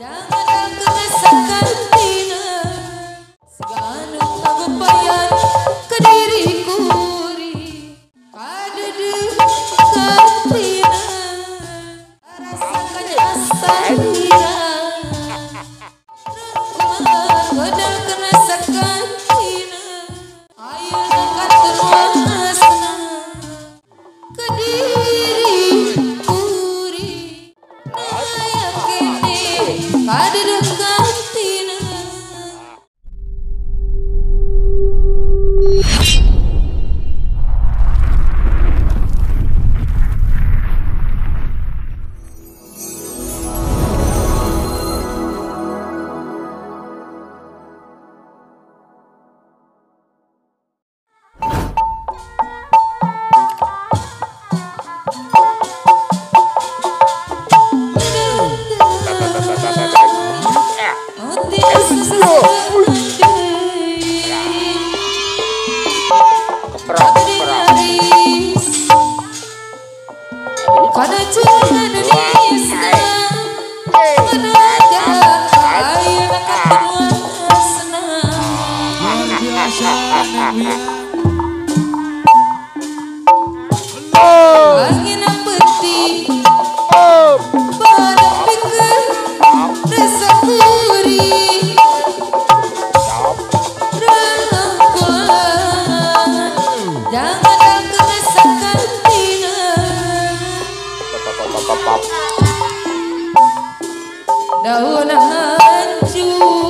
양이 daun hancur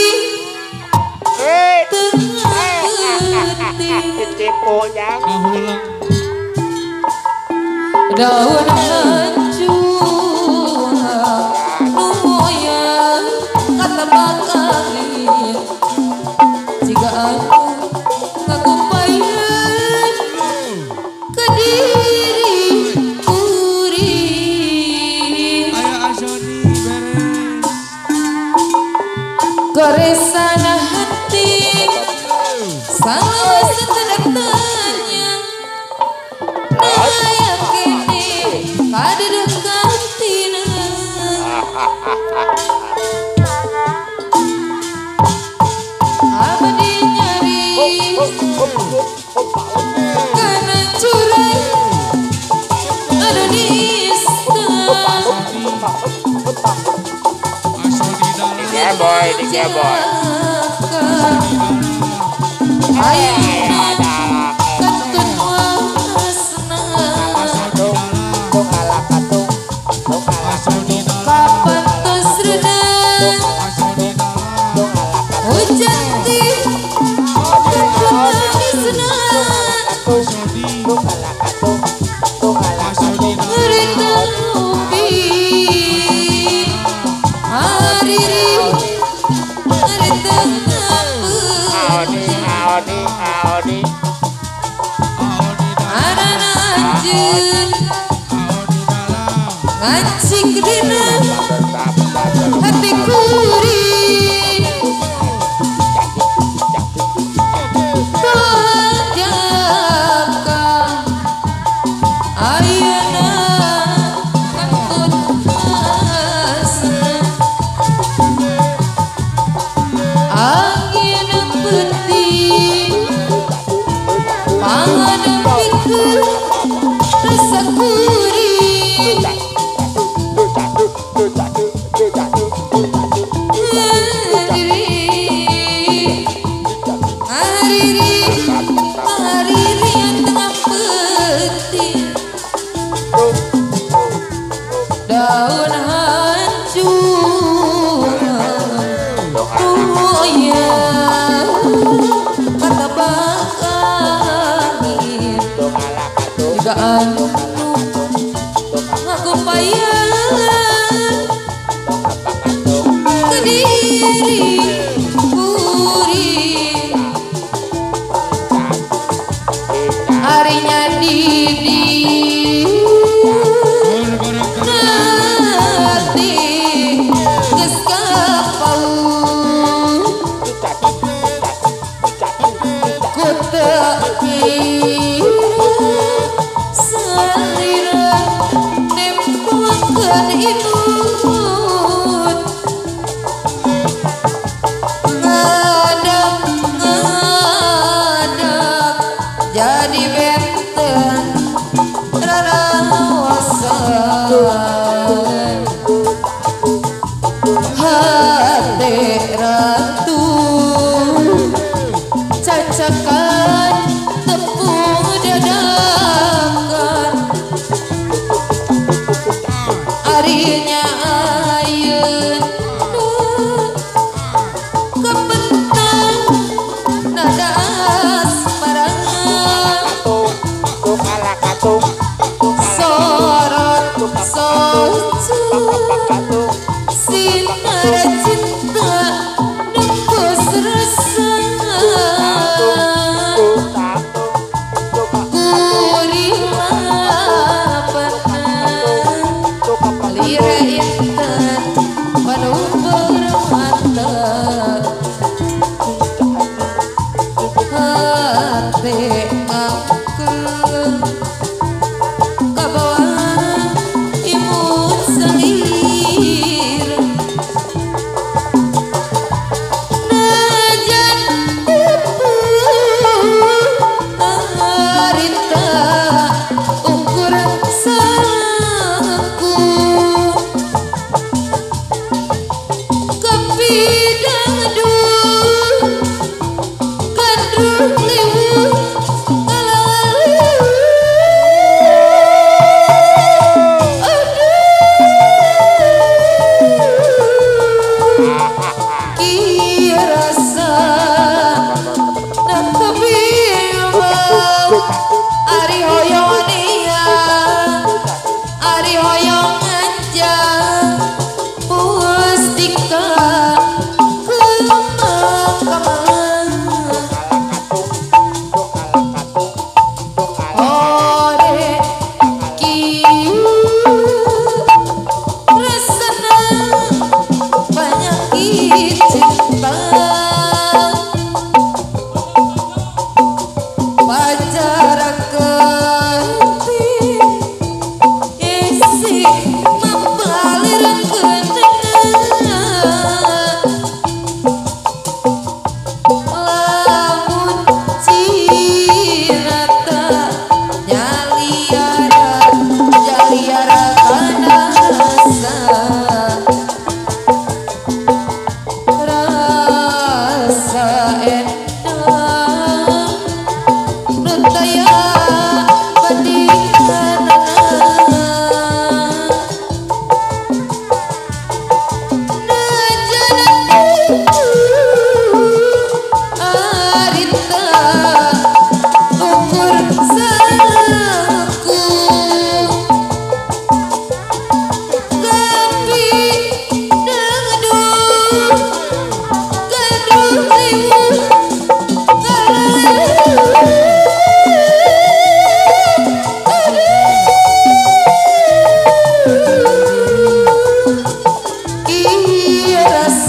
เจ็บปวดยังเดือดร้อน riding your boy. Shikrin Hatiku Oh.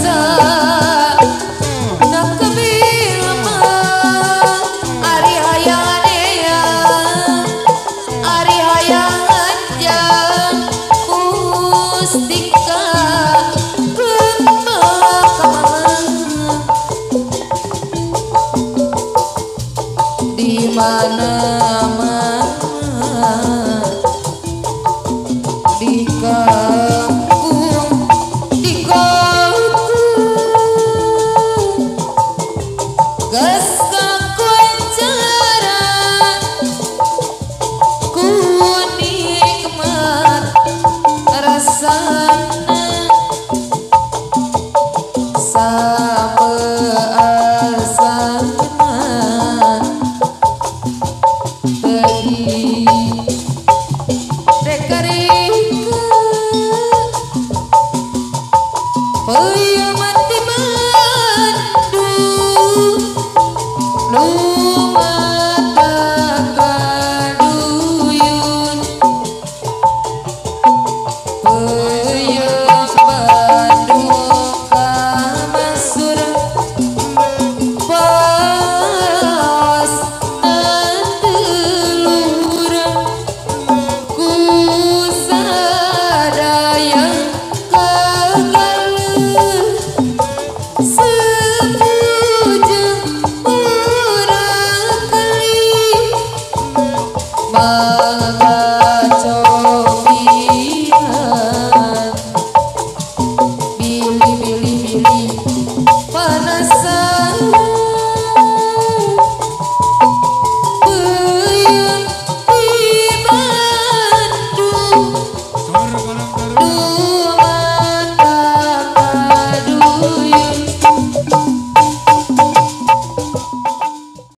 sun.